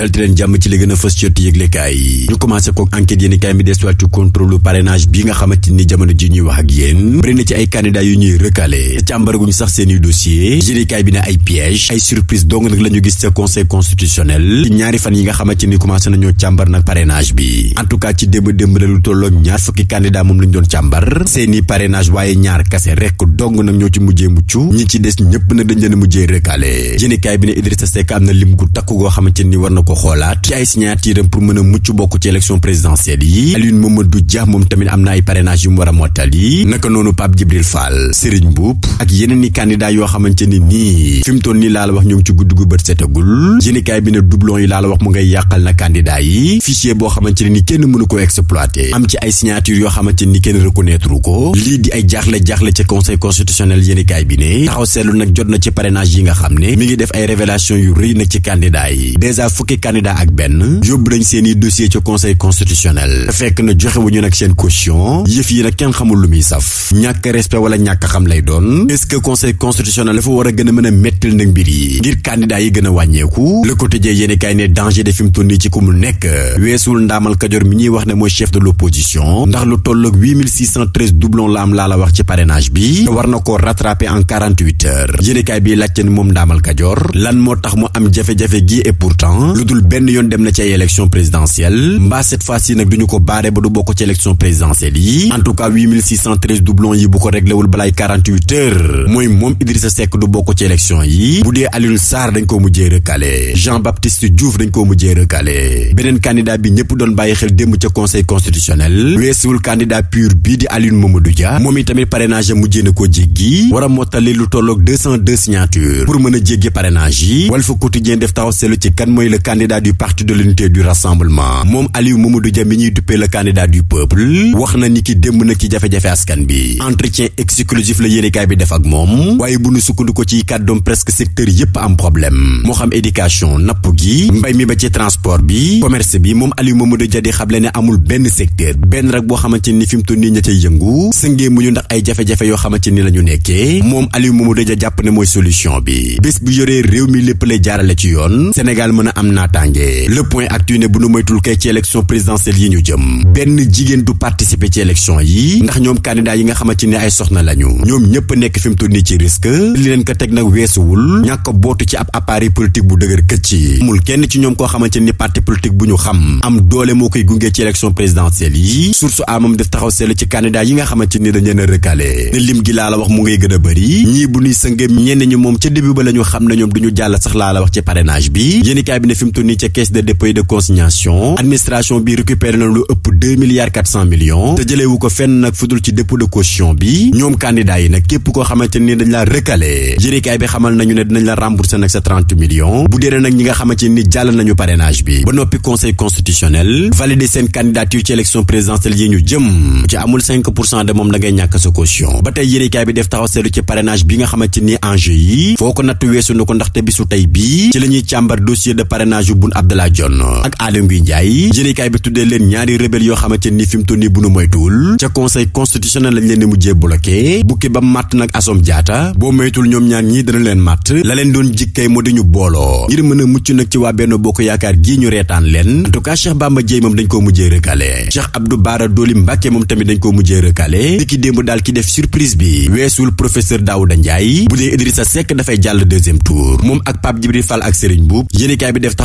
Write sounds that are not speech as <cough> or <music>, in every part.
dal di leen jàmm ci li gën a fës ci yëglekaay yi ñu commencé ko enquête yéen kaay mi desuwaat ci contrôle bi nga xamante ni jamono ji ñuy wax ak yéen bëri na ci ay candidats yu ñuy recalé càmbaraguñ sax seen i dossier yéenekaay bi ne ay piège ay surprise dong nag la ñu gis ca conseil constitutionnel ci ñaari fan yi nga xamante ni commencé nañoo càmbar nag parrainage bi en tout cas ci démb démb la lu tolloog ñaar fukki candidat moom lañ doon càmbar ñaar kase rekk dong nag ñoo ci mujjee mucc ñi ci des ñëpp nag dañ leen a ko xoolaat ci ay signaturam pour mën a mucc bokk ci élection présidentielle yi Alioune Mamadou Dia tamit am na ay parrainage yu mu a mottal yi naka noonu Pape Djibril Fall Serigne Mboup ak yeneen i candidat yoo xamante ni nii fi mu toll nii laa la wax ñu ngi ci gudd gu bët setagul yéenekaay bi ne doublon yi laa la wax mu ngay yàqal na candidat yi fichier boo xamante ne ni kenn mënu ko exploité am ci ay signature yoo xamante ni kenn reconnaître ko lii di ay jaaxle-jaaxle ci conseil constitutionnel yéenekaay bi ne taxaw seetlu jot na ci parrainage yi nga xam ne mi ngi def ay révélation yu rëy nag ci candidat yi candidat ak benn yóbbu nañ seen i dossier ca conseil constitutionnel fekk na joxe ñu nag seen caution yëf yi nag kenn xamul lu muy saf ñàkk respect wala ñàkk xam lay doon est-ce que conseil constitutionnel dafa war a gën a mën a méttil nag mbir yi ngir candidat yi gën a wàññeeku le quotidien yéeni kaay ne danger de fi mu toll nii ci ku mu nekk weesul ndaamal kajoor mi ñuy wax ne mooy chef de l'opposition ndax lu tolloog 8613 doublon la am laa la wax ci parrainage bi war na koo rattraper en 48 heures yéeni kaay bi laajte ni moom ndaamal kajoor lan moo tax mu am jafe-jafe gi et pourtant dul benn yoon dem na ci ay présidentielle mbaa cette fois ci nag duñu ko baare ba du bokk ci élection présidentielle yi en doublon yi bu ko réglewul balaay mooy moom Idrissa Seck du bokk ci élection yi bu dee Alioune Sarr dañ koo mujjee recalé Jean Baptiste Diouf dañ koo mujjee recalé beneen candidat bi ñëpp doon bàyyi xel démb ca conseil constitutionnel weesuwul candidat pur bii di Alioune Mamadou Dia moom itamit parrainage mujjee na koo jéggi candidat du parti de moom Aliou Mamadou Dia mi ñuy duppee le candidat du peuple wax na ni ki démb na ci jafe-jafe askan bi entretien exclusif la yéenekaay bi def ak moom waaye bu nu ko ci kàddoom presque secteur yépp am problème moo xam éducation napp gi mbay mi ba ci transport bi commerce bi moom Aliou Mamadou Dia di xamle ne amul benn secteur benn rek boo xamante ni fi mu toll nii ña cay yëngu sëngee mu ñu ndax ay jafe-jafe yoo xamante ni la ñu nekkee moom Aliou Mamadou Dia jàpp ne mooy solution bi bés bu yoree réew mi lépp lay jaarale ci yoon Sénégal mën a naataange le point actu ne bu nu moytul kay ci élection présidentielle yi ñu jëm benn jigéen du participer ci élection yi ndax ñoom candidat yi nga xamante ni ay soxna lañu ñoom ñëpp nekk fi mu toll nii ci risque li leen ko teg nag weesuwul ñàkk bootu ci ab appareil politique bu dëgër këcc amul kenn ci ñoom koo xam am doole moo koy gunge ci élection présidentielle yi source amam def taxaw seetlu ci candidat yi nga xamante ni dañ leen a recalé ne lim gi laa la wax mu ngay gën a ñii bu ñuy sëngëm ñenn ñi moom ca début ba la ñu xam ne ñoom du ñu jàll sax la wax ci parrainage bi détenu ca caisse de dépôt de consignation administration bi récupéré na lu ëpp milliards millions te jëleewu ko fenn nag fudul ci dépôt caution bi ñoom candidat yi nag képp koo xamante ni dañ la recalé jërikaay bi xamal nañu ne dinañ la remboursé nag sa trente millions bu dee nag ñi nga xamante ni jàll nañu parrainage bi ba noppi conseil constitutionnel validé seen candidature ci élection présidentielle yi ñu jëm ci amul de moom da ñàkk sa caution ba parrainage yu Boun Abdallah Dionne ak Aly Ngouille Ndiaye jëlekaay bi tuddee leen ñaari rebelle yoo xamante ni fi mu toll nii bu nu moytuwul ca conseil constitutionnel lañ leen di mujjee bloqué ba matt nag Assome Diatta boo moytul ñoom ñaar ñii dana leen matt la leen doon jikkay moo ñu booloo ngir mën a mucc nag ci waa Benno ko Yaakaar gii ñu reetaan leen en tout cas Cheikh Bamba moom dañ koo mujjee recalé Cheikh Abdou Bara Dolly Mbacké moom tamit dañ koo mujjee recalé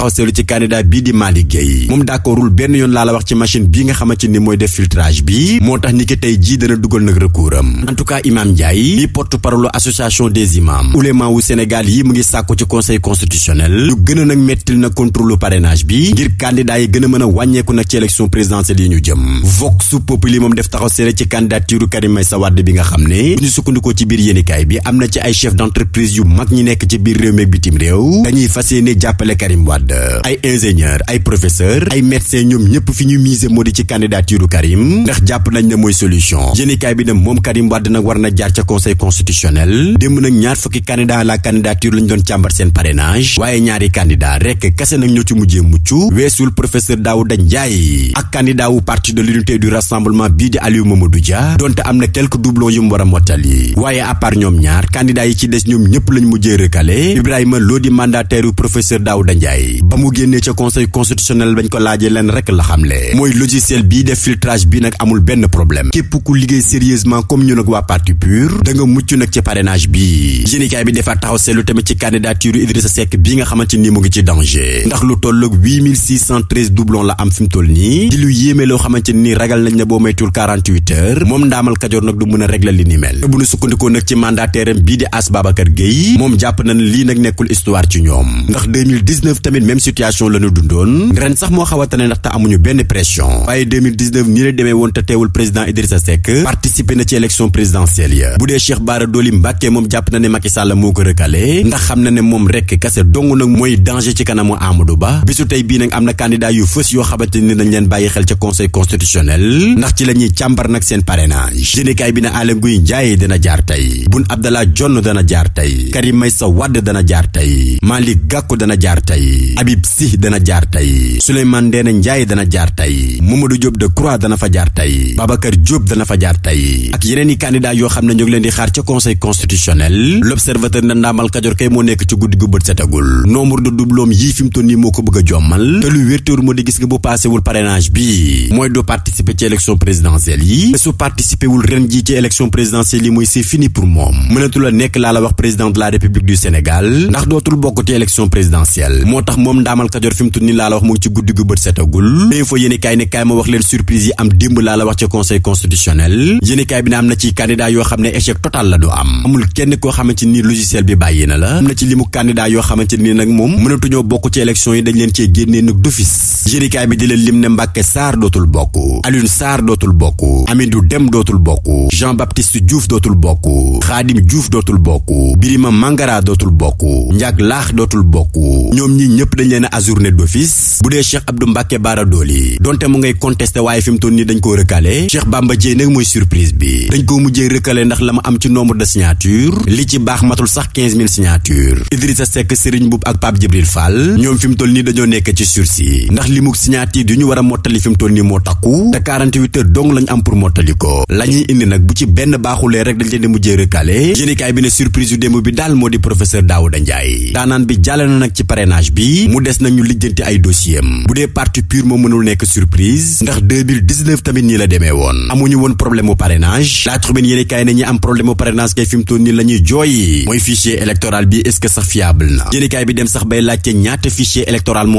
taxaw seetlu ci candidat bii di Malick Gueye moom d'accordul benn yoon laa la wax ci ni mooy def filtrage bi moo tax ni ki tey jii dana dugal nag recours am des imams ulema wu Sénégal yi mu ngi sàkku ci conseil constitutionnel lu gën a nag mettil na contrôle parrainage bi ngir candidat yi gën a mën a wàññeeku nag ci élection présidentielle yi ñu jëm Vox Populi moom def taxaw ci candidature Karim Meïssa Wade bi nga xam ne bu ñu biir yéenikaay bi am na ci ay chef d'entreprise yu mag ñi nekk ci biir réew meeg bitim réew dañuy fas yéene jàppale Karim Wade ambassadeur ay ingénieur ay professeur ay médecin ñoom ñëpp fi ñu miser moo di ci candidature Karim ndax jàpp nañ ne mooy solution yéenekaay bi na moom Karim Wade nag war na jaar ca conseil constitutionnel démb nag ñaar fukki candidat à la candidature lañ doon càmbar seen parrainage waaye ñaari candidat rekk kase nag ñoo ci mujjee mucc weesul professeur Daouda Ndiaye ak candidat wu parti de l'unité du rassemblement bii di Aliou Mamadou Dia donte am na quelques doublons yu mu a mottali waaye à part ñoom ñaar candidat yi ci des ñoom ñëpp lañ mujjee recalé Ibrahima Lô di mandataire professeur Daouda Ndiaye ba mu génnee ca conseil constitutionnel bañ ko laajee leen rek la xamle mooy logiciel bii def filtrage bi nag amul benn problème képp ku liggéey sérieusement comme ñun ak waa parti pur da nga mucc nag ci parrainage bi yéenekaay bi defaat taxaw seetlu tamit ci candidature Idrissa Seck bi nga xamante ni mu ngi ci danger ndax lu tolloog 8613 doublon la am fi mu toll nii di lu yéeme loo xamante ni ragal nañ ne boo maytul 48 heures moom ndaamal Kajoor nag a régler li ni mel te bu ñu sukkandikoo nag ci mandataire am bii di As Babacar na lii nag nekkul histoire ci ñoom ndax 2019 tamit même situation la ñu dundoon ren sax moo xaw a tane ndaxte amuñu benn pression waaye 2019 nii la demee woon te teewul président Idrissa Seck participé na ci élection présidentielle ya bu dee Cheikh Bara Dolly Mbacké moom jàpp na ne Macky Sall moo ko recalé ndax xam na ne moom rekk kase dong nag mooy danger ci kanamu Amadou Ba bisu tey bii nag am na candidat yu fës yoo xamante ni dañ leen bàyyi xel ca conseil constitutionnel ndax ci la ñuy càmbar nag seen parrainage yéenekaay bi ne Aly Ngouille Ndiaye jaar tey Boun Abdallah Dionne dana jaar tey Karim Meïssa Wade dana jaar tey Malick Gakou dana jaar tey Habib Sy dana jaar tey Souleymane Ndéné Ndiaye dana jaar tey Mamadou Diop Decroix dana fa jaar tey Babacar Diop dana fa jaar tey ak yeneen i candidat yoo xam ne ñu ngi leen di xaar ca conseil constitutionnel l'observateur na ndaamal Kajoor kay moo nekk ci guddi gu bët setagul nombre de doublons yii fi mu nii moo ko bëgg a jommal te lu wértéwul moo di gis nga bu paasewul parrainage bi mooy doo participer ci élection présidentielle yi mooy c'est fini pour moom mënatul a nekk laa la la république du Sénégal ndax dootul bokk ci élection présidentielle moom ndaamal kajoor fi mu tudd ni laa la wax mu ngi ci guddi gu bët setagul info yéene kaay ne kaay ma wax leen surprise yi am démb laa la wax ci conseil constitutionnel yéene bi ne am na ci candidat yoo xam ne échec total la du am amul kenn koo xamante ni logiciel bi bàyyi na la am na ci limu candidat yoo xamante ni nag moom mënatuñoo bokk ci élection yi dañ leen cee génnee nag d'office yéene bi di leen lim ne Mbàkke Sarr dootul bokk Alioune Sarr dootul bokk Amidou Dem dootul bokk Jean Baptiste Diouf dootul dootul bokk Birima Laax dootul bokk ñoom dañ leen a ajourné d'office bu dee Cheikh Abdou Mbacke Bara Dolly donte mu ngay contesté waaye fi mu toll nii dañ koo recalé Cheikh Bamba Dièye nag mooy surprise bi dañ koo mujjee recalé ndax la ma am ci nombre de signature li ci baax matul sax 15000 signature Idrissa Seck Serigne Mboup ak Pape Djibril Fall ñoom fi toll nii dañoo nekk ci sursis ndax li mu signature yu ñu war a mottali fi mu toll nii moo takku te 48 heures dong lañ am pour mottali ko la ñuy indi nag bu ci benn baaxulee rek dañ leen di mujjee recalé yéenekaay bi ne surprise yu démb bi daal moo di professeur Daouda Ndiaye daanaan bi jàlle na nag bi mu des nañu lijjanti ay dossier yem bu dee parti pur moo mënul nekk surprise ndax 2019 tamit nii la demee woon amuñu woon problème mu parrainage laa tribune yéen kaay na ñi am problème mu parrainage kay fi mu toll nii la jooy mooy fichier électoral bi est-ce fiable na yéen kaay bi dem sax bay laajte ñaata fichier électoral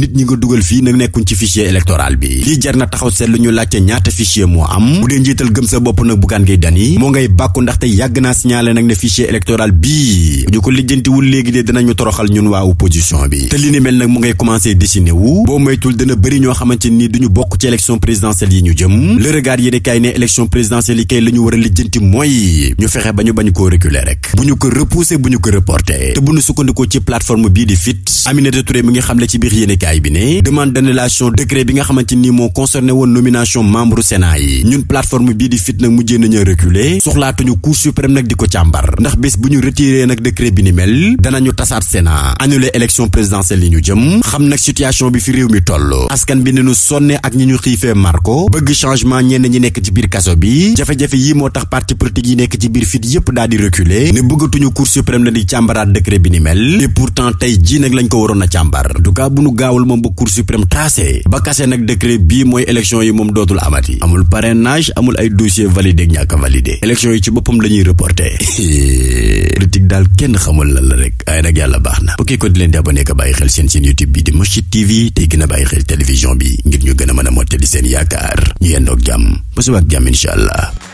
nit nga dugal fii nag nekkuñ ci fichier électoral bi lii jar na taxaw seet lu ñu laajte ñaata fichier moo am bu dee njiital gëm sa bopp nag Bougane Gueye Dany moo ngay bàkku ndaxte yàgg naa signalé nag ne fichier électoral bii bu ñu ko lijjantiwul léegi dinañu toroxal ñun waa opposition bi te li ni mel nag mu ngay commencé dessiné wu boo moytul dina bëri ñoo xamante ni duñu bokk ci élection présidentielle yi ñu jëm le regard ne élection présidentielle yi kay la ñu war a lijjanti mooy ñu fexe ba ñu bañ koo reculer rek bu ñu ko repousser bu ñu ko reporter te bu sukkandikoo ci plateforme bii di FIT Aminata Touré mi ngi xamle ci biir yéene kaay bi ne demande d'annulation décret bi nga xamante ni moo concerné woon nomination membre Sénat yi ñun plateforme bii di FIT nag mujjee nañu reculer soxlaatuñu di ko càmbar ndax bés bu tasaat Sénat annulé élection présidentielle li ñu jëm xam nag situation bi fi réew mi toll askan bi ne nu sonnee ak ñi ñu xiifee marko bëgg changement ñenn ñi nekk ci biir kaso bi jafe-jafe yi moo tax parti politique yi nekk ci biir fit yépp daal di reculer ne bëggatuñu cour suprême la di càmbaraat mel te pourtant tey jii nag lañ ko waroon a càmbar du cas bu nu gaawul moom ba cour suprême tracé ba kase nag décret bi mooy élection yi moom dootul amati amul parrainage amul ay dossier validé ak ñàkk validé élection yi ci boppam la ñuy reporté <laughs> politique daal kenn xamul lan la rek nag yàlla baax na bokki ko di leen di abonné ko bàyyi xel seen seen youtube bi di Mourchid TV tey gën a bàyyi xel télévision bi ngir ñu gën a mën a mottali seen yaakaar ñu yendoog jàmm ba subaak jàmm incha allah